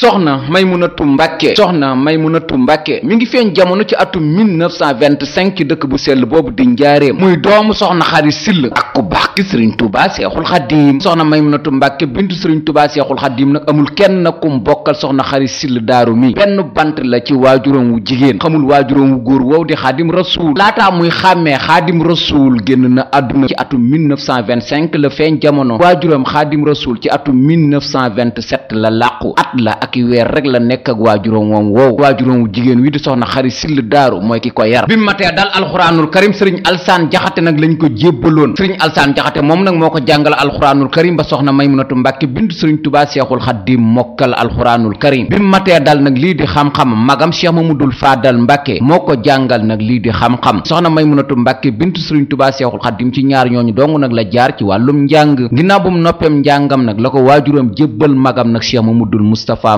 soxna may Maymunatu Mbàkke soxna may Maymunatu Mbàkke mi ngi feeñ jamono ci atum 1925 ci dëkk bu sell boobu di njaareem muy doomu soxna xari sill ak ku baax ki sëriñ tubaa seexul xaddiim soxna Maymunatu Mbàkke bintu sëriñ tubaa seexul xaddiim nag amul kenn ku mu bokkal soxna xari sill daaru mi benn bant la ci waajuram wu jigéen xamul waajuram wu góor woow di xaadim rasuul laataa muy xàmmee xaadim rasuul génn na àdduna ci atum 1925 la feeñ jamono waajuram xaadim rasuul ci atum 1927 la làqu at la ak i weer rek la nekk ak waajuróom woom woowu waajuróom wu jigéen wi di soxna xari sill daaru mooy ki ko yar bi mu matee dal alxuraanul karim sëriñ alsaan jaxate nag lañ ko jébbaloon sëriñ alsaan jaxate moom nag moo ko jàngal alxuraanul karim ba soxna maymunatu mbàkke bind sëriñ tubaa seexul xaddim mokkal alxuraanul karim bi mu matee dal nag lii di xam-xam magam cheikh mamadul faadal mbàkke moo ko jàngal nag lii di xam-xam soxna maymunatu mbàkke bint sëriñ tubaa seexul xaddim ci ñaar ñooñu dong nag la jaar ci wàllum njàng ginnaaw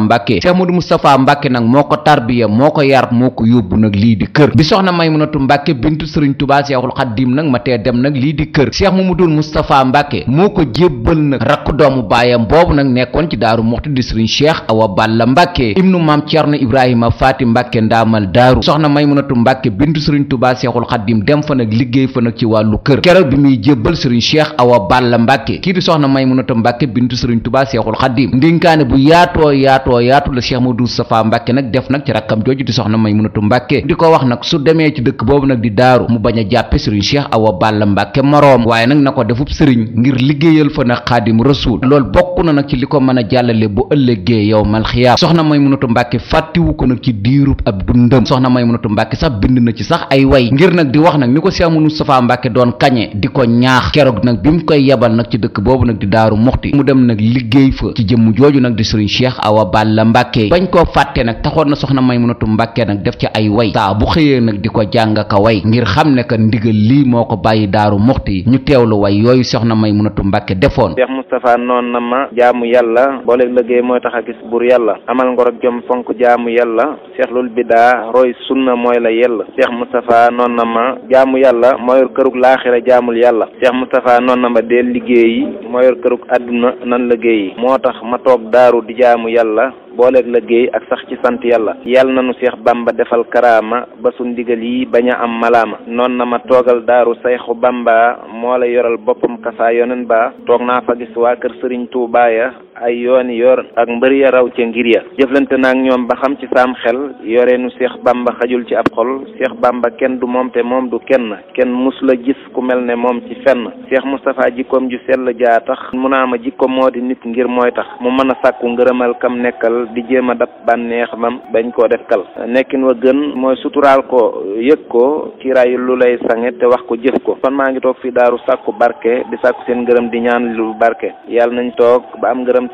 Mbàkke Cheikh Modou Moustapha Mbàkke nag moo ko tarbiya moo ko yar moo ko yóbbu nag lii di kër bi soxna Maymunatu Mbàkke bintu Sëriñ Tuubaa Seexul Xaddiim nag tee dem nag lii di kër Cheikh Mamadou Moustapha Mbàkke moo ko jébbal nag rakk doomu baayam boobu nag nekkoon ci Daaru Muxti di Sëriñ Cheikh Awa Balla Mbàkke ibnu Maam Cerno Ibrahima Faati Mbàkke ndaamal daaru soxna Maymunatu Mbàkke bintu Sëriñ Tuubaa Seexul Xaddiim dem fa nag liggéey fa nag ci wàllu kër keroog bi muy jébbal Sëriñ Cheikh Awa Balla Mbàkke kii di soxna Maymunatu Mbàkke bintu Sëriñ Tuubaa Seexul Xaddiim ndinkaane bu yaatoo yaatoo yaatoo yaatu la Cheikh Modou Moustapha Mbàkke nag def nag ci rakkam jooju di soxna Maymunatu Mbàkke di ko wax nag su demee ci dëkk boobu nag di daaru mu bañ a jàppe sëriñ Cheikh Awa Balla Mbàkke moroom waaye nag na ko defub sëriñ ngir liggéeyal fa nag Xaadimu Rasuul loolu bokk na nag ci li ko mën a jàllale bu ëllëgee yow mal xiyaam soxna Maymunatu Mbàkke fàttiwu ko nag ci diirub ab dundam soxna Maymunatu Mbàkke sax bind na ci sax ay way ngir nag di wax nag ni ko Cheikh Modou Moustapha doon kañe di ko ñaax keroog nag bi mu koy yebal nag ci dëkk boobu nag di daaru muxti mu dem nag liggéey fa ci jëmm nag di sëriñ Balla Mbàkke bañ koo fàtte nag taxoon na soxna Maymunatu Mbàkke nag def ci ay way saa bu xëyee nag di ko jàng ka way ngir xam ne ka ndigal lii moo ko bàyyi daaru muxti ñu teewlu way yooyu soxna Maymunatu Mbàkke defoon Cheikh Moustapha noon na ma jaamu yàlla booleeg liggéey mooy tax a gis buur yàlla amal ngor ak jom fonk jaamu yàlla seexlul bidaa roy sunna mooy la yella Cheikh Moustapha noon na ma jaamu yàlla moo yor kërug laaxira jaamul yàlla Cheikh Moustapha noon na ma dee liggéey moo yor kërug àdduna nan liggéey moo tax ma toog daaru di jaamu yàlla yàlla booleeg liggéey ak sax ci sant yàlla yàlla na nu seex bamba defal karaama ba su ndigal yi bañ a am malaama noon na ma toogal daaru sayxu bamba moo la yoral boppam kasaa yonen ba toog naa fa gis waa kër sëriñ tuubaa ay yooni yoon ak mbër ya raw ca ngir ya jëflante naag ñoom ba xam ci saam xel yoreenu Seex Bamba xajul ci ab xol Seex Bamba kenn du moom te moom du kenn kenn mus la gis ku mel ne moom ci fenn Seex Moustapha jikkoom ju sell jaa tax mu naa ma moo di nit ngir mooy tax mu mën a sàkku ngërëmal kam nekkal di jéem a dab bànneex mam bañ koo def kal nekkin wa gën mooy suturaal ko yëg ko ci rayu lu lay sange te wax ko jëf ko kon maa ngi toog fii daaru sàkku di sàkku seen ngërëm di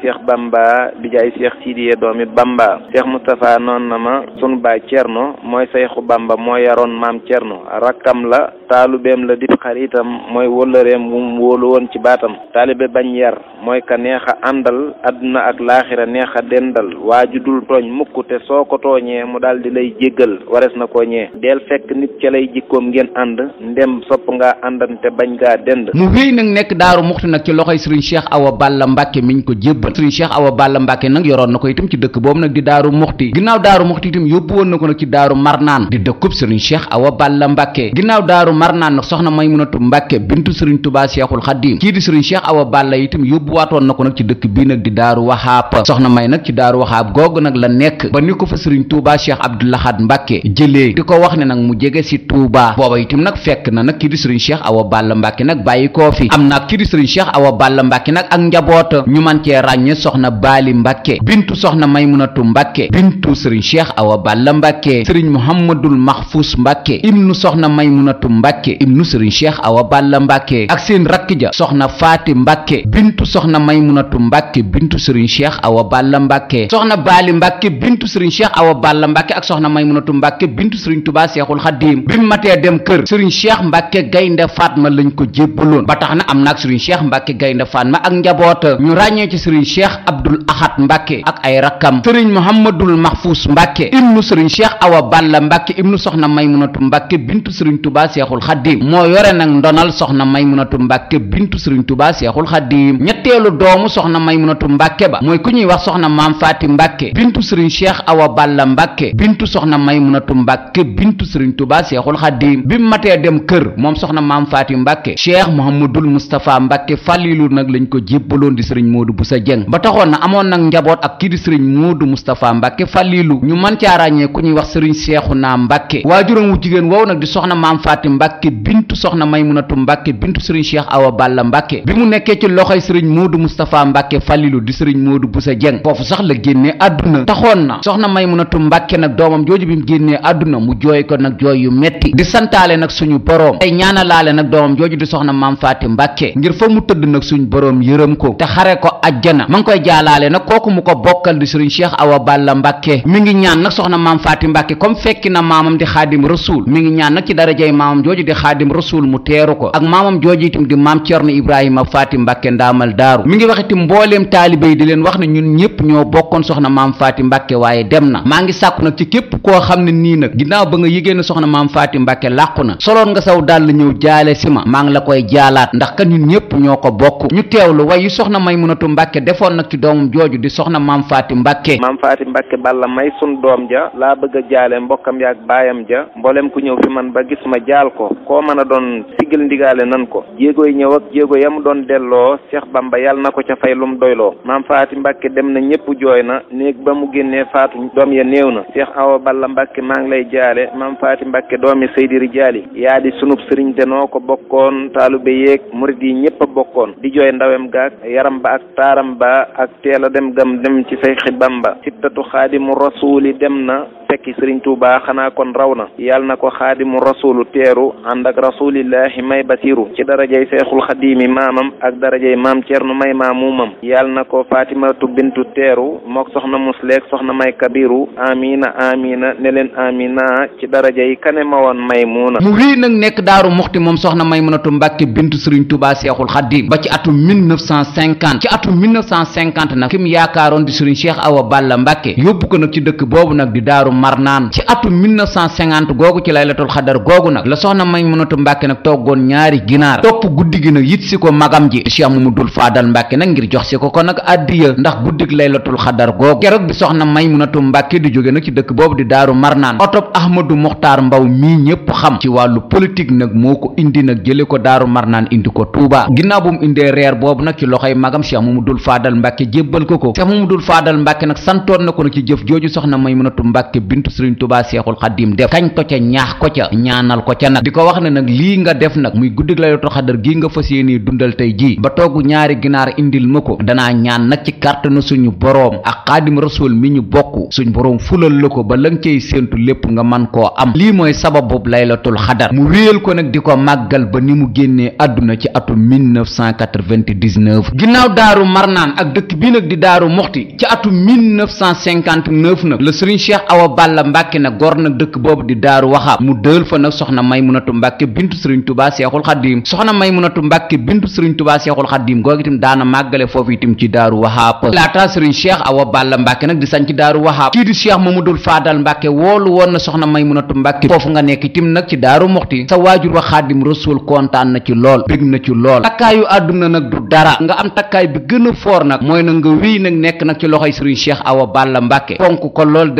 Cheikh Bamba di jaay Cheikh Sidiye doomi Bamba Cheikh Moustapha noonu na ma sun baay Cerno mooy sayxu Bamba moo yaroon maam Cerno rakkam la taalubeem la dib xaritam mooy wóllëreem wum wóolu woon ci baatam taalibe bañ yar mooy ka neex a àndal àdduna ak laaxira neex a dendal waaju dul tooñ mukk te soo ko tooñee mu daal di lay jéggal wares na ko ñee del fekk nit ca lay jikkoom ngeen ànd ndem sopp ngaa te bañ ngaa dend mu wéy nag nekk daaru muxti nag ci loxoy sëriñ Cheikh Awa Balla Mbàkke miñ ko jébbal sëriñ Cheikh Awa Balla Mbàkke nag yoroon na ko itam ci dëkk boobu nag di daaru muxti ginnaaw daaru muxti itam yóbbu woon na ko nag ci daaru marnaan di dëkkub sëriñ Cheikh Awa Balla Mbàkke mar naan nag soxna Maymunatu Mbàkke bintu sëriñ Tuubaa Seexul Xadiim kii di sëriñ Cheikh Awa Balla na ko nag ci dëkk bii nag di daaru waxaab soxna may nag ci ba ni ko Mbàkke ko wax ne nag mu jege si Tuubaa booba itam nag fekk na nag kii di sëriñ Cheikh Awa Mbàkke nag bàyyi koo fi na kii di sëriñ Cheikh Awa Balla Mbàkke nag ñu man cee ràññe soxna Baali Mbàkke bintu soxna Maymunatu Mbàkke bintu sëriñ Cheikh Awa Balla Mbàkke sëriñ Muhammadul Mahfous Mbàkke ibnu soxna Maymunatu Mbàkke mbàkke ibnu sëriñ cheikh awa balla mbàkke ak seen rakk ja soxna faati mbàkke bintu soxna maymunatu mbàkke bintu sëriñ cheikh awa balla mbàkke soxna baali mbàkke bintu sëriñ cheikh awa balla mbàkke ak soxna maymunatu mbàkke bintu sëriñ tubaa seexul xadiim bi mu matee dem kër sëriñ cheikh mbàkke gaynde faatma lañ ko jébbaloon ba tax na am naag sëriñ cheikh mbàkke gaynde faatma ak njaboota ñu ràññee ci sëriñ cheikh abdul axat mbàkke ak ay rakkam sëriñ mohamadul mahfous mbàkke ibnu sëriñ cheikh awa balla mbàkke ibnu soxna maymunatu mbàkke bintu sëriñ tubaa seexul seexul xaddiim moo yore nag ndonal soxna maymunatu mbàkke bintu sëriñ tubaa seexul xaddiim ñetteelu doomu soxna maymunatu mbàkke ba mooy ku ñuy wax soxna maam faati mbàkke bintu sëriñ cheikh awa balla mbàkke bintu soxna maymunatu mbàkke bintu sëriñ tubaa seexul xaddiim bi mu matee dem kër moom soxna maam faati mbàkke cheikh mohamadul moustapha mbàkke fàllilu nag lañ ko jébbaloon di sëriñ moodu bu sa jëng ba taxoon na amoon nag njaboot ak kii di sëriñ moodu moustapha mbàkke fàllilu ñu mën caa ràññee ku ñuy wax sëriñ seexu naa mbàkke waajuram wu jigéen woow nag di soxna maam mbàkke bintu soxna maymunatu mbàkke bintu sëriñ cheikh awa balla mbàkke bi mu nekkee ci loxoy sëriñ moodu mustapha mbàkke fàllilu di sëriñ moodu busa jeng foofu sax la génnee àdduna taxoon na soxna maymunatu mbàkke nag doomam jooju bi mu génnee àdduna mu jooy ko nag jooy yu metti di santaale nag suñu boroom tey ñaanalaale nag doomam jooju di soxna maam faati mbàkke ngir fa mu tëdd nag suñu boroom yërëm ko te xare ko ajjana ma ngi koy jaalaale nag kooku mu jooju di xaadim rasul mu teeru ko ak maamam jooju itam di maam Cerno a Faati Mbàkke ndaamal daaru mi ngi wax itam mbooleem taalibe yi di leen wax ne ñun ñëpp ñoo bokkoon soxna maam Faati Mbàkke waaye dem na maa ngi sàkku nag ci képp koo xam ne nii nag ginnaaw ba nga yigéen ne soxna maam Faati Mbàkke làqu na soloon nga saw dal la ñëw jaale si ma maa ngi la koy jaalaat ndax kan ñun ñëpp ñoo ko bokk ñu teew teewlu way yu soxna Maymunatu Mbàkke defoon nag ci doomam jooju di soxna maam Faati Mbàkke maam Faati Mbàkke balla may sun doom ja laa bëgg a jaale ja mboolem ku delloo koo mën a doon siggal ndigaale nan ko jéegoy ñëw ak jéego yam doon delloo Cheikh Bamba yàlla na ko ca fay lum doyloo maam faati Mbàkke dem na ñëpp jooy na néeg ba mu génnee faatu doom ya néew na Cheikh Awa Balla Mbàkke maa ngi lay jaale maam faati Mbàkke doomi Seydiri jaali yaa di sunub sëriñ te noo ko bokkoon taalube yeeg murid yi ñëpp a bokkoon di jooy ndawem gaak yaram ba ak taaram ba ak teel dem gam dem ci say xibam sittatu xaadimu rasuuli dem tekki sëriñ tuuba xanaa kon raw na yàlla na ko xaadimu rasulu teeru ànd ak rasulillahi may basiru ci darajey seexul xadiimi maamam ak darajey maam cernu may maamuumam yàlla na ko fatimatu bintu teeru mook soxna musleek soxna may kabiru amina amina ne leen amina ci darajey kane ma woon maymuuna mu wii nag nekk daaru muxti moom soxna maymunatu mbàkke bintu sëriñ tuuba seexul xadiim ba ci atum 1950 ci atum 1950 nag kim yaakaaroon di sëriñ cheikh awa balla mbàkke yóbbu ko nag ci marnaan ci atum 1950 googu ci laylatul xadar googu nag la soxna Maymunatu Mbàkke nag toggoon ñaari ginaar topp guddi gi nag yit si ko magam ji Cheikh Mamadul Faadal Mbàkke nag ngir jox si ko ko nag addiya ndax guddig laylatul xadar googu keroog bi soxna Maymunatu Mbàkke di jóge nag ci dëkk boobu di daaru marnaan otob Ahmadou Muxtaar Mbaw mii ñépp xam ci wàllu politique nag moo ko indi nag jële ko daaru marnaan indi ko Tuuba ginnaaw bu mu indee reer boobu bintu sëriñ tubaa seexul xaddim def kañ ko ca ñaax ko ca ñaanal ko ca nag di ko wax ne nag lii nga def nag muy guddig laylatul xadar gii nga fas yéene dundal tey jii ba togg ñaari ginaar indil ma ko danaa ñaan nag ci kàttanu suñu boroom ak xaadim rasul mi ñu bokk suñ boroom fulal la ko ba la nga cay séentu lépp nga man koo am lii mooy sababu laylatul xadar mu wéyal ko nag di ko màggal ba ni mu génnee àdduna ci atum ginnaaw daaru marnaan ak dëkk bi nag di daaru moxti ci atum 1959 Balla Mbàkke nag gor nag dëkk boobu di daaru waxaab mu dël fa nag soxna Maymunatu Mbàkke bintu Sëriñ Tuubaa Seexul Xadiim soxna Maymunatu Mbàkke bintu Sëriñ Tuubaa Seexul Xadiim googu itam daana màggale foofu itam ci daaru waxaab laata di sanc daaru waxaab kii Faadal Mbàkke woolu woon na soxna Maymunatu Mbàkke foofu nga nekk itam nag ci daaru Muxti sa waajur wa Xaadim Rasuul kontaan na ci lool bég na ci lool takkaayu àdduna nag du dara nga am takkaay bi gën a foor nag mooy nag nga wéy nag nekk nag ci loxoy Sëriñ Cheikh Awa Balla Mbàkke fonk ko lool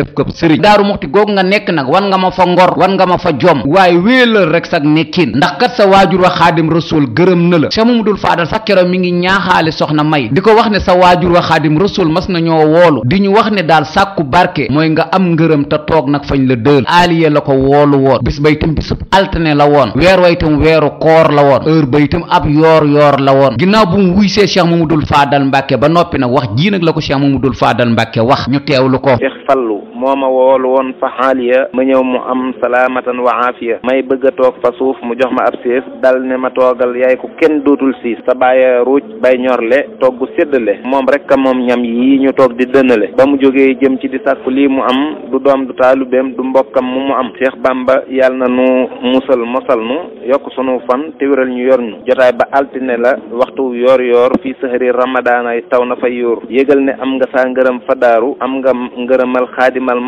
daaru muxti googu nga nekk nag wan nga ma fa ngor wan nga ma fa jom waaye wéelal rek sax nekkin ndax kat sa waajur wa xaadim rasul gërëm na la cheikh mamadul faadal sax keroog mi ngi ñaaxaale soxna may di ko wax ne sa waajur wa xaadim rasul mas na ñoo di ñu wax ne daal sàkku barke mooy nga am ngërëm te toog nag fañ la dël aaliye la ko woolu woon bis ba itam bisub altine la woon weer wa weeru koor la woon heure ba ab yoor yoor la woon ginnaaw bu mu wuy see cheikh mamadul faadal mbàkke ba noppi nag wax jii nag la ko mu dul faadal mbàkke wax ñu teewlu ko fallu moo ma woo xool woon fa xaaliya ma ñëw mu am salaamatan wa aafiya may bëgg a toog fa suuf mu jox ma ab siis dal ne ma toogal yaay ko kenn dootul siis sa bàyyi ruuj bay ñor le togg séddale moom rek moom ñam yi ñu toog di dënale ba mu jógee jëm ci di sàkku lii mu am du doom du taalubeem du mbokkam mu mu am Cheikh Bamba yal na nu musal mosal nu yokk sunu fan te wéral ñu yor ñu jotaay ba altine la waxtu yoor yoor fii sëxëri ramadaana taw na fay yóor yëgal ne am nga saa ngërëm fa am nga ngërëmal xaadimal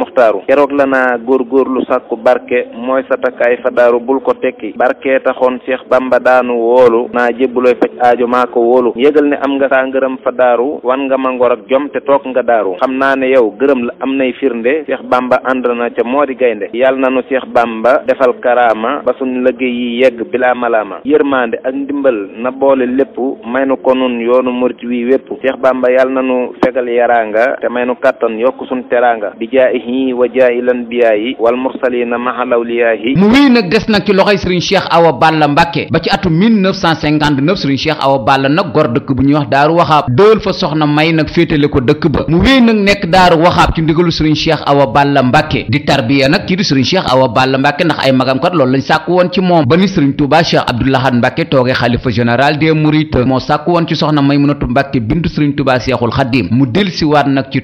waaru keroog la naa lu sàkku barke mooy sa takkaay fa daaru bul ko tekki barke taxoon Cheikh Bamba daanu woolu naa jébbulooy faj aajo maa ko wóolu yëgal ne am nga saa ngërëm fa daaru wan nga ma ngor ak jom te toog nga daaru xam naa ne yow gërëm la am nay firnde Cheikh Bamba ànd na ca moo di gaynde yàlla nanu Cheikh Bamba defal karaama ba suñ liggéey yi yegg bilaa malaama yërmande ak ndimbal na boole lépp may nu ko nun yoonu murit wi wépp Cheikh Bamba yàlla nanu nu kàttan yokk awjaa'i lanbiyaayi wal mursalina mahalawliyaahi mu wéy nag des nag ci loxoy sëriñ cheikh awa balla mbàkke ba ci atum 1959 sëriñ cheikh awa balla nag gor dëkk wax daaru waxaab dool fa soxna may ba mu wéy nag nekk daaru waxaab ci ndigalu sëriñ cheikh awa balla mbàkke di tarbiya nag kii di sëriñ cheikh awa balla mbàkke ndax ay magam kat loolu lañ sàkku woon ci moom ba ni sëriñ touba cheikh abdoulahad mbàkke toogee xalifa général des mourides moo sàkku woon ci soxna maymunatu mbàkke bintu sëriñ touba cheikhul xadim mu delsi waat nag ci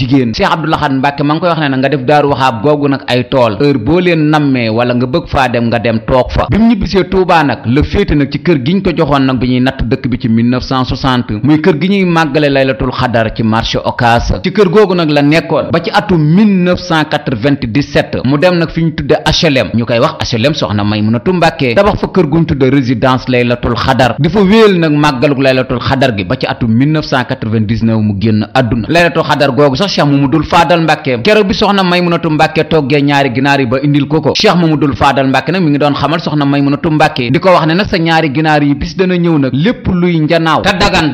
jigéen Cheikh Abdou Lahad Mbacke ma ngi koy wax na nga def daaru waxaab googu nag ay tool heure boo leen nammee wala nga bëgg faa dem nga dem toog fa bi mu ñibbisee Touba nag la féete nag ci kër gi ñu ko joxoon nag bi ñuy natt dëkk bi ci 1960 muy kër gi ñuy màggale laylatul xadar ci marché Ocass ci kër googu nag la nekkoon ba ci atum 1997 mu dem nag fi ñu tudde HLM ñu koy wax HLM soxna munatu Mbacke tabax fa kër gu ñu tudde résidence laylatul xadar di fa wéel nag màggaluk laylatul xadar gi ba ci atum 1999 mu génn àdduna laylatul xadar googu sax cheikh mamadul faadal mbàkke keroog bi soxna maymunatu mbàkke toggee ñaari ginaar yi ba indil ko ko cheikh mamadul faadal mbàkke nag mi ngi doon xamal soxna maymunatu mbàkke sa ñaari ginaar yi bis dana ñëw nag lépp luy da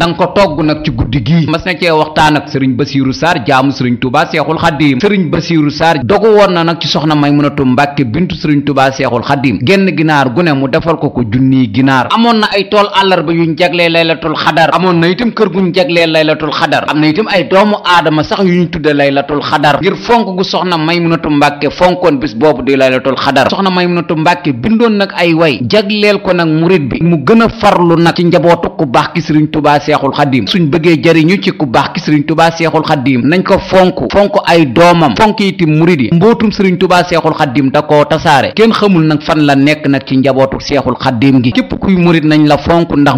nga ko togg nag ci guddi gii mas na cee waxtaan ak sëriñ na nag ci soxna maymunatu mbàkke bintu sëriñ tubaa seexul xaddiim génn ginaar gu ne mu defal ko ko junniy ginaar amoon na ay tool àllarba yuñ jaglee laylatul xadar amoon na itam kër guñ jaglee laylatul xadar am na itam ay doomu aadama sax yuñ ñu tudde laylatul xadar ngir fonk gu soxna maymunatu mbàkke fonkoon bis boobu di laylatul xadar soxna maymunatu mbàkke bindoon nag ay way jagleel ko nag murit bi mu gën a farlu nag ci njabootu ku baax ki sëriñ tubaa seexul xadim suñ bëggee jariñu ci ku baax ki sëriñ tubaa seexul xadim nañ ko fonk fonk ay doomam fonk itim murit yi mbootum sëriñ tubaa seexul xadim da koo tasaare kenn xamul nag fan la nekk nag ci njabootu seexul xadim gi képp kuy murit nañ la fonk ndax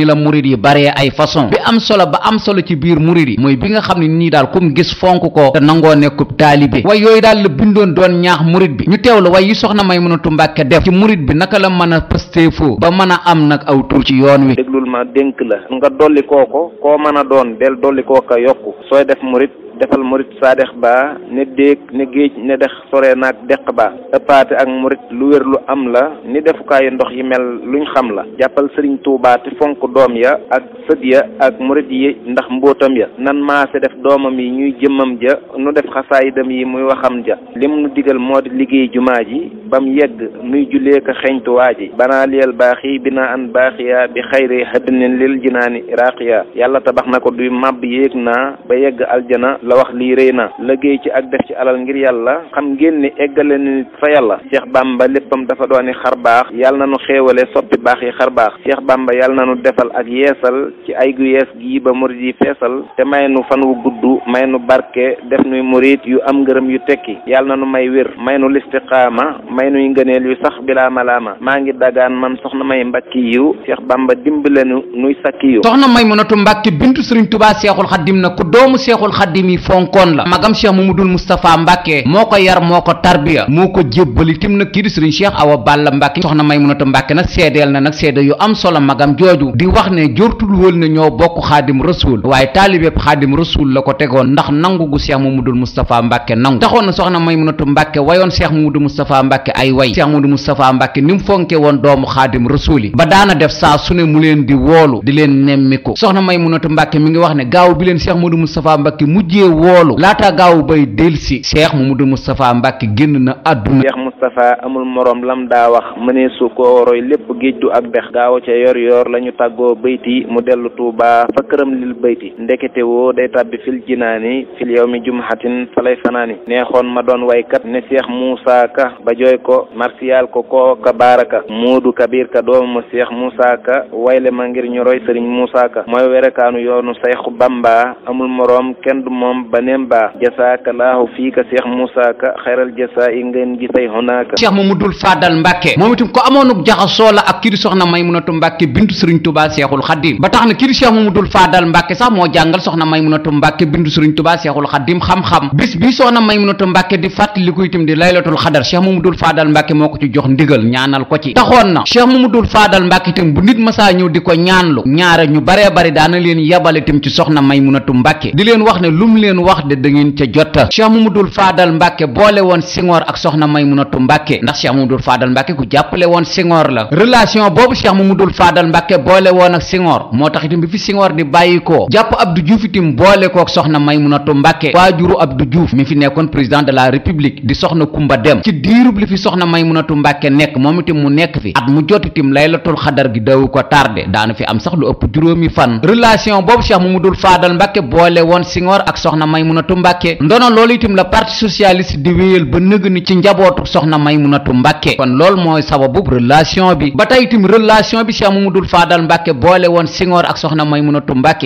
la murit yi baree ay façon bi am solo ba am solo ci biir murid yi mooy bi nga xam ne nii daal kum gis fonk ko te nangoo nekkub taalibe way yooyu daal la bindoon doon ñaax murid bi ñu teew la way yi soxna Maymunatu Mbàkke def ci murid bi naka la mën a pëstéefoo ba mën a am nag aw tur ci yoon wi déglul ma dénk la nga dolli koo ko koo mën a doon del dolli koo ko yokku sooy def murid defal murit saadex ba ne déeg ne géej ne dex sore naag deq ba ëppaate ak murit lu wér lu am la ni defukaayu ndox yi mel luñ xam la ndax mbóotam ya nan maase def doomam yi ñuy jëmmam ja nu def xasaayidam yi muy waxam ja lim nu digal moo di liggéey jumaa ji bam yegg nuy jullee ko xeñtu waa ji banaa liyal baaxi binaa an baaxiya bi xayri hëddinin lil jinaani iraaqiya yàlla tabax na ko du màbb yéeg naa ba yegg aljana la wax lii rey na liggéey ci ak def ci alal ngir yàlla xam ngeen ni eggale na nit fa yàlla Cheikh Bamba léppam dafa dooni xar baax yàlla na nu xéewale soppi baax yi xar baax Cheikh Bamba yàlla na nu jàngoro ji feesal te may nu fan wu gudd may nu barke def nuy murit yu am ngërëm yu tekki yàlla na nu may wér may nu listiqaama may nuy ngëneel yu sax bilaa maa ngi dagaan man soxna may mbàkki yu Cheikh Bamba dimbale nu nuy sakki yu soxna may mënatu mbàkke bintu sëriñ tubaa seexul xaddim na ku doomu seexul xaddim yi fonkoon la magam cheikh mamadul moustapha mbàkke moo ko yar moo ko tarbiya moo ko jébbali tim na kii di sëriñ cheikh awa balla mbàkke soxna may mënatu mbàkke nag na nag seede yu am solo magam jooju di wax ne jortul wël ne ñoo rasul waaye taalibeb xaadim rasul la ko tegoon ndax nangu gu seex mamudul mustapha mbàkke nangu taxoon na soxna maymunatu mbàkke wayoon seex mamudul mustapha mbàkke ay way seex mamudul mustapha mbàkke ni mu fonke woon doomu xaadim rasul yi ba daana def saa su ne mu leen di woolu di leen nemmiku soxna maymunatu mbàkke mi ngi wax ne gaaw bi leen seex mamudul mustapha mbàkke mujjee woolu laata gaaw bay delsi seex mamudul mustapha mbàkke génn na àdduna seex mustapha amul moroom lam daa wax mënee su ko roy lépp géejju ak dex gaaw ca yor yor lañu tàggoo bayti mu dellu tuuba fil bayti ndekete woo day tàbbi fil jinaani fil yawmi jumhatin falay fanaani neexoon ma doon kat ne seex muusa ka ba jooy ko marsiyal ko koo ka baaraka muudu kabir ka doomu seex muusa ka wayle ma ngir ñu roy sëriñ muusa ka mooy werekaanu yoonu sayxu bamba amul moroom kenn du moom baneem baa jasaaka laahu fii ka seex muusa ka xayral jasaa yi ngeen ji say honaaka seex mamadul faadal mbàkke moom itam ko amoonuk jaxasoo la ak kii di soxna maymunatu mbàkke bintu sëriñ Mbàkke sax moo jàngal soxna Maymunatu Mbàkke bindu Sëriñ Tuubaa Seexul Xadiim xam-xam bis bi soxna Maymunatu Mbàkke di fàttaliku itam di laylatul xadar Cheikh Mamadul Faadal Mbàkke moo ko ci jox ndigal ñaanal ko ci na Cheikh Mamadul Faadal Mbàkke itam bu nit masaa ñëw di mu leen da ngeen ca jotta Cheikh Faadal Mbàkke boole woon Senghor ak soxna Maymunatu Mbàkke ndax Cheikh Mamadul Faadal Mbàkke la relation boobu Cheikh Mamadul Faadal Mbàkke boole woon ak Senghor moo tax itam bi fi Senghor di bàyyi bàyyi ko jàpp Abdou Diouf itim boole kook soxna Maymunatu Mbàkke waajuru Abdou Diouf mi fi nekkoon président de la république di soxna Kumba Dem ci diirub li fi soxna Maymunatu Mbàkke nekk moom itam mu nekk fi at mu jot itim laylatul xadar gi dawu ko tardé daanu fi am sax lu ëpp juróomi fan relation boobu Cheikh Mamadou Fadal Mbàkke boole woon Senghor ak soxna Maymunatu Mbàkke ndono loolu itim la parti socialiste di wéyal ba nëg ni ci njabootu soxna Maymunatu Mbàkke kon loolu mooy sababu relation bi ba tey itim relation bi Cheikh Mamadou Fadal Mbàkke boole woon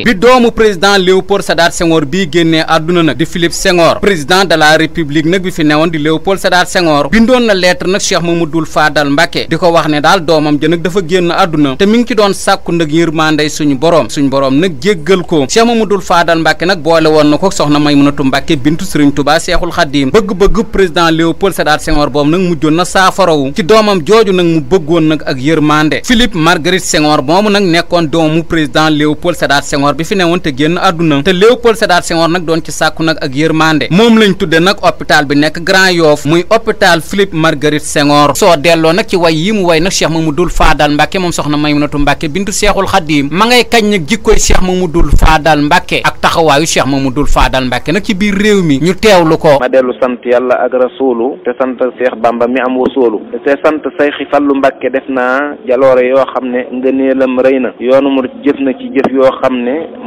bi doomu président Léopold Sédar Senghor bii génnee àdduna nag di Philippe Senghor président de la république nag bi fi newoon di Léopold Sédar Senghor bindoon na lettre nag Cheikh Mamadou Fadal Mbacké di ko wax ne daal doomam ja nag dafa génn àdduna te mi ngi ci doon sàkku nag yërmandey suñu borom suñu borom nag jéggal ko Cheikh Mamadou Fadal Mbacké nag boole woon na ko soxna may Maymunatu Mbacké bintu Serigne Touba Cheikhul Khadim bëgg-bëgg président Léopold Sédar Senghor boobu nag mujjoon na saafarawu ci doomam jooju nag mu bëggoon nag ak yërmande Philippe Marguerite Senghor moomu nag nekkoon doomu président Léopold Sédar Senghor Senghor bi fi newoon te génn àdduna te Léopold Sédar Senghor nag doon ci sàkku nag ak yërmande moom lañ tudde nag hôpital bi nekk Grand Yoff muy hôpital Philippe Marguerite Senghor soo delloo nag ci way yi mu way nag Cheikh Mamadou Fadal Mbacke moom soxna Maymunatu Mbacke bintu Cheikhul Khadim ma ngay kañ nag jikkoy Cheikh Mamadou Fadal Mbacke ak taxawaayu Cheikh Mamadou Fadal Mbacke nag ci biir réew mi ñu teewlu ko ma dellu sant yàlla ak rasuulu te sant Cheikh Bamba mi am wasuulu te sant Cheikh Fallou Mbacke def na jaloore yoo xam ne ngëneelam rëy na yoonu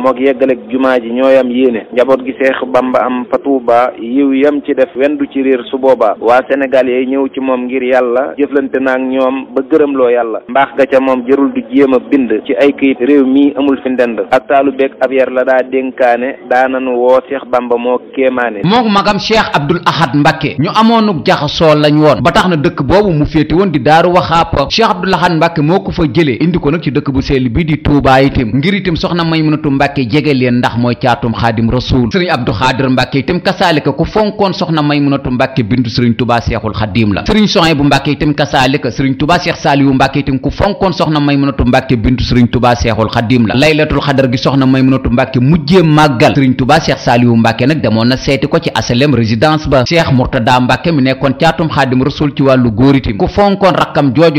moog yeggaleeg jumaa ji ñooy am yéene njaboot gi seex bamba am fa tuuba yiw yam ci def wenn du ci riir su boobaa waa senegal yay ñëw ci moom ngir yàlla jëflante naag ñoom ba gërëmloo yàlla mbaax ga ca moom jërul di jéem a bind ci ay kayit réew mii amul fi ndend ak taalu beeg ab yar la daa dénkaane daananu woo seex bamba moo kéemaane mook magam cheikh abdul ahad mbàkke ñu jax jaxasoo lañ woon ba tax na dëkk boobu mu féete woon di daaru waxaapa cheikh abdul ahad ko fa jëlee bintu mbàkke jege leen ndax mooy caatum xaadim rasuul sëriñ abdu xaadir mbàkke itam kasaalika ku fonkoon soxna maymunatu mbàkke bintu sëriñ tubaa seexul xadim la sëriñ soxen bu mbàkke itam kasaalika mbàkke itam ku fonkoon tubaa seexul xadim la laylatul xadar gi soxna maymunatu mbàkke mujjee màggal sëriñ tubaa seex saaliwu mbàkke nag demoon na seeti ko ci asalem résidence ba seex murtada mbàkke mi nekkoon caatum xaadim rasuul ci wàllu góor itam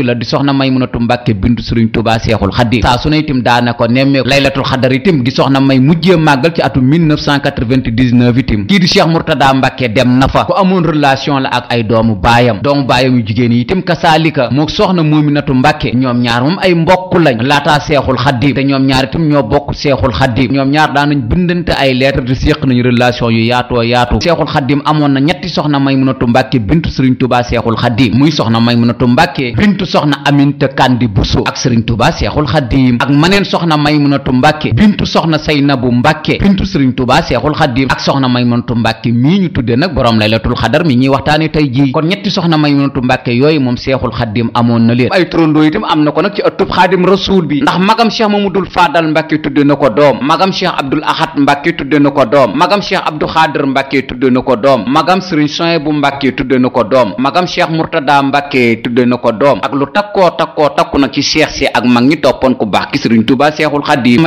la di soxna maymunatu mbàkke bintu sëriñ tubaa seexul xadim saa su ne itam daana ko nemmee laylatul xadar itim gi soxna may mujjee màggal ci atum 1999 itim kii di Cheikh Mourtada Mbacke dem na fa ku amoon relation la ak ay doomu baayam doomu baayam yu yi itim kasaalika mook soxna Muminatu Mbacke ñoom ñaar moom ay mbokk lañ laataa seexul xaddim te ñoom ñaar itam na ñetti soxna Maymunatu Mbacke bintu Serigne Touba seexul xaddim muy soxna Aminta Kandi Bousso ak Serigne Touba seexul xaddim ak maneen soxna Maymunatu Mbacke bintu soxna Saynabu Mbàkke bintu Sëriñ Tuubaa Seexul Xadiim ak soxna Maymunatu Mbàkke mii ñu tudde nag boroom laylatul xadar mi ñuy waxtaane tey jii kon ñetti soxna Maymunatu Mbàkke yooyu moom Seexul Xadiim amoon na leen ay turandoo itam am na ko nag ci ëttub Xaadim Rasuul bi ndax magam Cheikh Mamadul Faadal Mbàkke tudde na ko doom magam Cheikh Abdul Ahad Mbàkke tudde na ko doom magam Cheikh Abdou Xaadir mbakkee tudde na ko doom magam Sëriñ Soyebu Mbàkke tudde na ko doom magam Cheikh Murtada Mbàkke tudde na ko doom ak lu takkoo takkoo takku nag ci cheikh si ak mag ñi toppoon ku baax ki Sëriñ Tuubaa Seexul Xadiim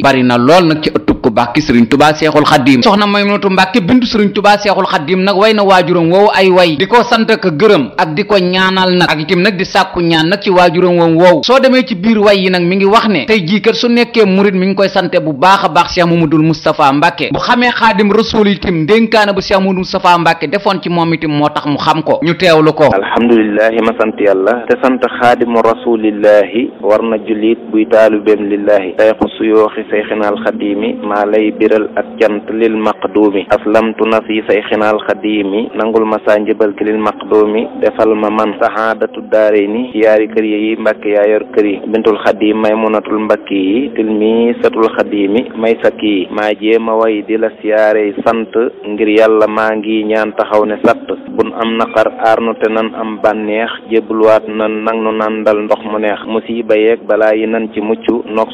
bari na lool nag ci ëttub ku baax ki sëriñ tubaa seexul xaddiim soxna Maymunatu Mbàkke bintu sëriñ tubaa seexul xaddiim nag way na waajuram woowu ay way di ko sant ak gërëm ak di ko ñaanal nag ak itam nag di sàkku ñaan nag ci waajuram woom woowu soo demee ci biir way yi nag mi ngi wax ne tey jii kat su nekkee murit mi ngi koy sante bu baax a baax Cheikh Mamadul Moustapha Mbàkke bu xamee xaadim rasul itam ndénkaana bu Cheikh Mamadul Moustapha Mbàkke defoon ci moom itam moo tax mu xam ko ñu teewlu ko alhamdulilahi ma sant yàlla te sant xaadimu rasulillahi war na julit buy taalubeem lillahi tayxu suyooxi sayxinaal xadiimi maa lay biral ak cant lil maqduumi aslamtu nafsi sayxinaal xadiimi nangul ma saa njëbal ki lil maqduumi defal ma man saxaadatu daare ni yaari kër yi mbàkke yaa kër yi bintul xadiim may munatul mbakki yi tilmi satul xadiimi may sakki yi ma jéema way di la siyaare sant ngir yàlla maa ngi ñaan taxaw ne sat bun am naqar aar nu te nan am bànneex jébbaluwaat nan nang nu nandal ndox mu neex musiba yeeg balaa yi nan ci mucc nok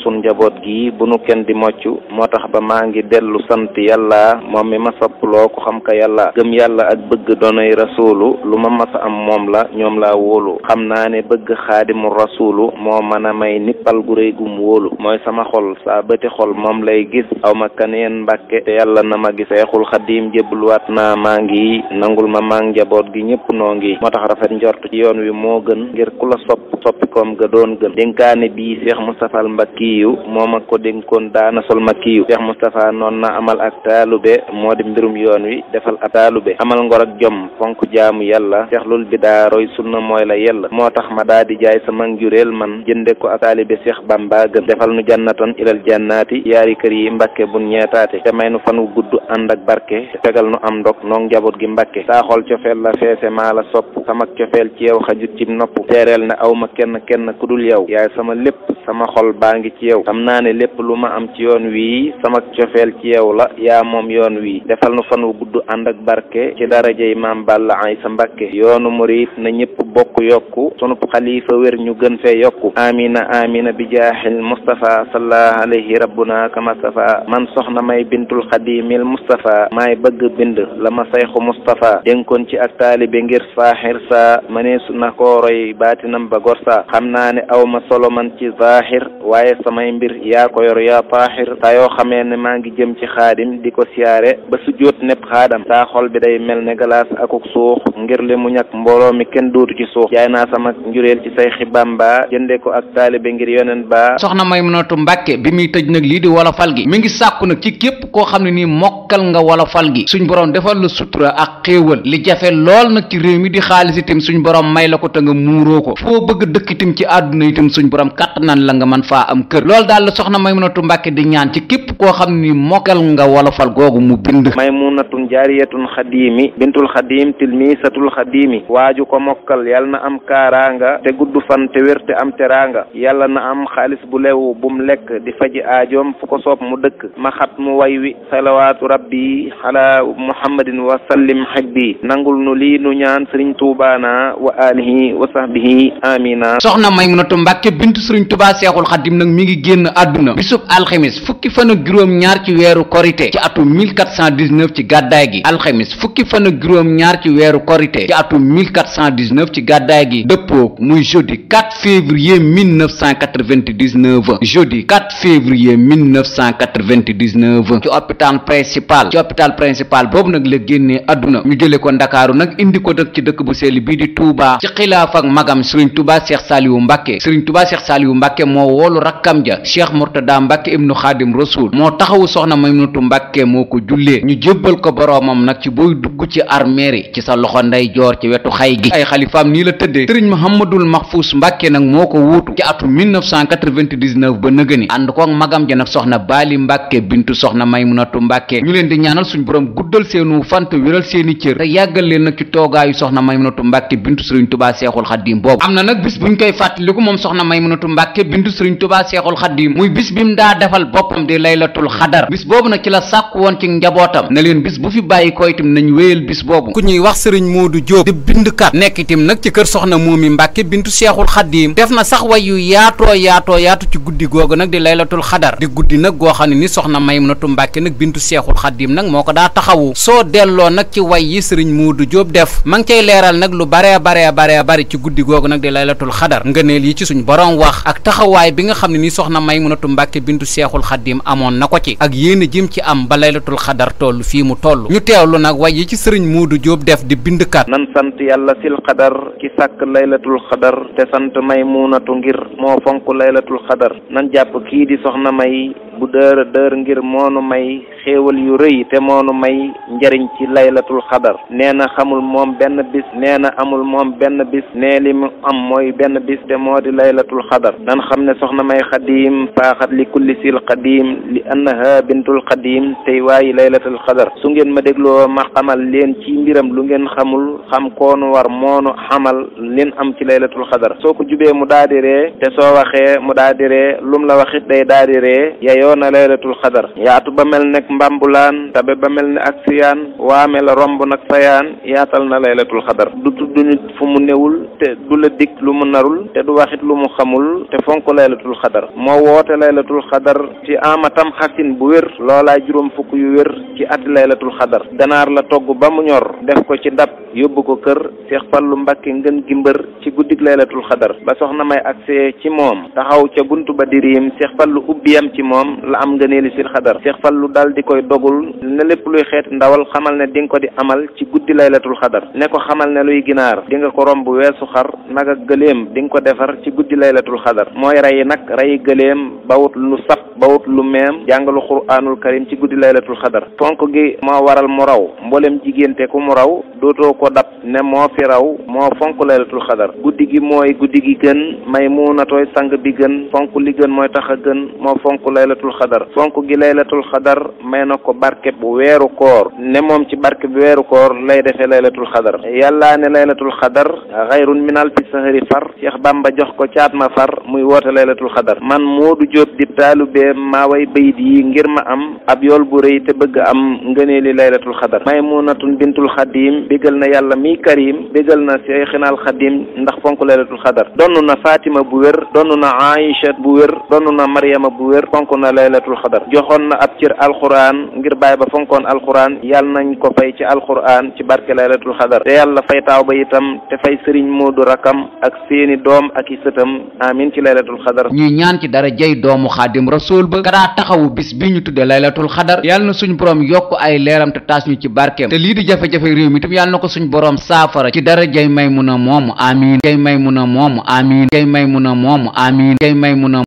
kenn di moccu moo tax ba maa ngi dellu sant yàlla moom mi ma sopploo ku xam ka yàlla gëm yàlla ak bëgg donoy rasuulu lu ma masa am moom la ñoom la wóolu xam naa ne bëgg xaadimu rasuulu moo mën a may nippal gu réy gum wóolu mooy sama xol saa bëti xol moom lay gis aw ma kaneen mbàkke te yàlla na ma gis seexul xadiim jébbaluwaat naa maa ngi nangul ma maa njaboot gi ñépp noo ngi moo tax rafet njort ci yoon wi moo gën ngir ku la sopp soppikoom ga doon kon daana sol makkiyu Cheikh Moustapha noon na amal ak taalube moo di mbirum yoon wi defal ak taalube amal ngor ak jom fonk jaamu yàlla seexlul bidaa roy sunna mooy la yàlla moo tax ma daa di jaay sama njureel man jënde ko ak taalibe seex Bamba gën defal nu jannatan ilal jannaati yaari kër yi mbakke bun ñeetaate te may nu fan wu gudd ànd ak barke te fegal nu am ndog noo njaboot gi Mbàkke saa xol cofeel la feese maa la sopp samak cofeel ci yow xajut ci nopp teereel ne aw ma kenn kenn ku dul yow yaay sama sama xol baa ngi ci yow xam naa ne lépp lu ma am ci yoon wii samak cofeel ci yow la yaa moom yoon wii defal nu fan wu gudd ànd ak barke ci darajey maam Balla sa Mbàkke yoonu murit na ñëpp bokk yokk sunub xalifa wér ñu gën fee yokk amina amina bi jaaxil Mustafa sallallahu alayhi rabbuna kama safa man soxna may bintul xadimil Mustafa maay bëgg bind la ma sayxu Mustafa dénkoon ci ak taalibe ngir saaxir sa mëneesu na ko roy baatinam ba gor xam naa saaxir waaye samay mbir yaa ko yor yaa paaxir saa yoo xamee ne maa ngi jëm ci xaadim di ko siyaare ba su jóot nepp xaadam saa xol bi day mel ne galaas akuk suux ngir li mu ñàkk mbooloo mi kenn dootu ci suux jaay naa sama njureel ci say xibam ba jënde ko ak taalibe ngir yoneen ba soxna Maymunatu Mbàkke bi muy tëj nag lii di wala fal gi mi ngi sàkku nag ci képp koo xam ne nii mokkal nga wala fal gi suñ borom defal la sutura ak xéewal li jafe lool nag ci réew mi di xaalis la nga mën faa am kër loolu daal la soxna Maymunatu Mbàkke di ñaan ci képp koo xam ni mokkal nga wolofal googu mu bind maymunatun jaariyatun xadiimi bintul xadiim tilmiisatul xadiimi waaju ko mokkal yal na am kaaraanga te gudd fan te wér te am teraanga yàlla na am xaalis bu lew bum lekk di faji aajoom fu ko soob mu dëkk ma xat mu way wi salawaatu rabbi ala muhammadin wa sallim xajbi nangul nu lii nu ñaan sëriñ tuubaana wa alihi wa sahbihi soxna Maymunatu Mbàkke bintu sëriñ Tuubaa seexul xadim nag mi ngi génn àdduna bisub alxemis fukki fan ak juróom-ñaar ci weeru korite ci atum 1419 ci gàddaay gi alxemis fukki fan ak ñaar ci weeru korite ci atum 1419 ci gàddaay gi dëppook muy jeudi 4 février 1999 jeudi 4 février 1999 ci hôpital principal ci hôpital principal boobu nag la génnee àdduna ñu jële ko ndakaaru nag indi ko nag ci dëkk bu sell bii di Touba ci xilaaf ak magam Serigne Touba Cheikh Saliou Mbacké Serigne Touba Cheikh Saliou Mbacké mbàkke moo woolu rakkam ja cheikh murtada mbàkke ibnu xaadim rasul moo taxawu soxna maymunatu mbàkke moo ko jullee ñu jébbal ko boroomam nag ci booy dugg ci armeeri ci sa loxo nday joor ci wetu xay gi ay xalifaam nii la tëddee sëriñ mohamadul maxfuus mbàkke nag moo ko wuutu ci atu 1999 ba nëgëni ànd koog magam ja nag soxna baali mbàkke bintu soxna maymunatu mbàkke ñu leen di ñaanal suñ borom guddal seenu fant wéral seeni cër te yàggal leen nag ci toogaayu soxna maymunatu mbàkke bintu sëriñ tubaa seexul xaddim boobu am na nag bindu sëriñ tubaa seexul xaddiim muy bis bi mu daa defal boppam di laylatul xadar bis boobu nag ci la sàkk woon ci njabootam ne leen bis bu fi bàyyi ko itam nañ wéyal bis boobu ku ñuy wax sëriñ moodu jóob di bindkat nekk itam nag ci kër soxna moomi mbàkke bintu seexul xaddiim def na sax way yu yaato yaatoo yaatu ci guddi googu nag di laylatul xadar di guddi nag goo xam ne ni soxna natu mbàkke nag bintu seexul xaddiim nag moo ko daa taxawu soo delloo nag ci way yi sëriñ moodu jóob def ma ngi cay leeral nag lu bare bare bare bari ci guddi googu nag di laylatul xadar ngëneel yi ci suñ borom taxawaay bi nga xam ne ni soxna may Maymunatu Mbàkke bintu Seexul Xaddiim amoon na ko ci ak yéen a jëm ci am ba laylatul xadar toll fii mu toll ñu teewlu nag way yi ci sëriñ du Jóob def di kat nan sant yàlla sil xadar ki sàkk laylatul xadar te sant may Maymunatu ngir moo fonk laylatul xadar nan jàpp kii di soxna may bu dëra dër ngir moonu may xéewal yu rëy te moonu may njariñ ci laylatul xadar nee na xamul moom benn bis nee na amul moom benn bis nee li mu am mooy benn bis te moo di laylatul xadar nan xam ne soxna may xadim faaxat li kulli sil xadim li annaha bintul xadim tey waayi laylatul xadar su ngeen ma dégloo ma xamal leen ci mbiram lu ngeen xamul xam koonu war moonu xamal leen am ci laylatul xadar soo ko jubee mu daa ree te soo waxee mu daa ree lum la waxit day daa yeyoo na laylatul xadar yaatu ba mel nekk mbambulaan tabe ba mel ne ak siyaan waame la romb nag sayaan yaatal na laylatul xadar du tudd nit fu mu newul te du la dig lu mu narul te du waxit lu mu xamul te fonk laylatul xadar moo woote laylatul xadar ci ama tam xasin bu wér loolaay juróom fukk yu wér ci ati laylatul xadar ganaar la togg ba mu ñor def ko ci dab yóbbu ko kër Seex Fallu Mbàkke ngën gi mbër ci guddik laylatul xadar ba soxna may agsee ci moom taxaw ca ba diriim Seex Fallu ubbiyam ci moom la am ngëneeli sil xadar Cheikh lu dal di koy dogul ne lépp luy xeet ndawal xamal ne dinga ko di amal ci guddi laylatul xadar ne ko xamal ne luy ginaar di nga ko romb weesu xar nag ak gëléem di nga ko defar ci guddi laylatul xadar mooy rey nag rey gëléem bawut lu sap bawut lu meem jàngalu quraanul karim ci guddi laylatul xadar fonk gi moo waral mu raw mboolem jigéente ku mu raw dootoo ko dab ne moo fi raw moo fonk laylatul xadar guddi gi mooy guddi gi gën may muunatooy sang bi gën fonk li gën mooy tax gën moo fonk laylatul xadar fonk gi laylatul xadar may na ko barke bu weeru koor ne moom ci barke bu weeru koor lay defee laylatul xadar yàllaa ne laylatul xadar xayrun min alfi sahri far Cheikh Bamba jox ko caat ma far muy woote laylatul xadar man du Jóob di taalubee maa way bayit yi ngir ma am ab yool bu rëy te bëgg am ngëneeli laylatul xadar maymunatun bintul xadim bégal na yàlla miy karim bégal na seexinaal xadim ndax fonk laylatul xadar donn na Fatima bu wér donn na Aïcha laylatul xadar joxoon na ab cër alxuraan ngir bàyyi ba fonkoon alxuraan yàlla nañ ko fay ci alxuraan ci barke laylatul xadar te yàlla fay taaw ba itam te fay sëriñ Moodu rakam ak seeni doom ak i sëtam amin ci laylatul xadar ñuy ñaan ci dara jey doomu xaadim rasool ba kadaa taxawu bis bi ñu tudde laylatul xadar yàlla na suñ borom yokk ay leeram te taas ñu ci barkeem te lii di jafe-jafe réew mi itam yàlla na ko suñ borom saafara ci dara jey may mun a moomu amin jey may a moomu a a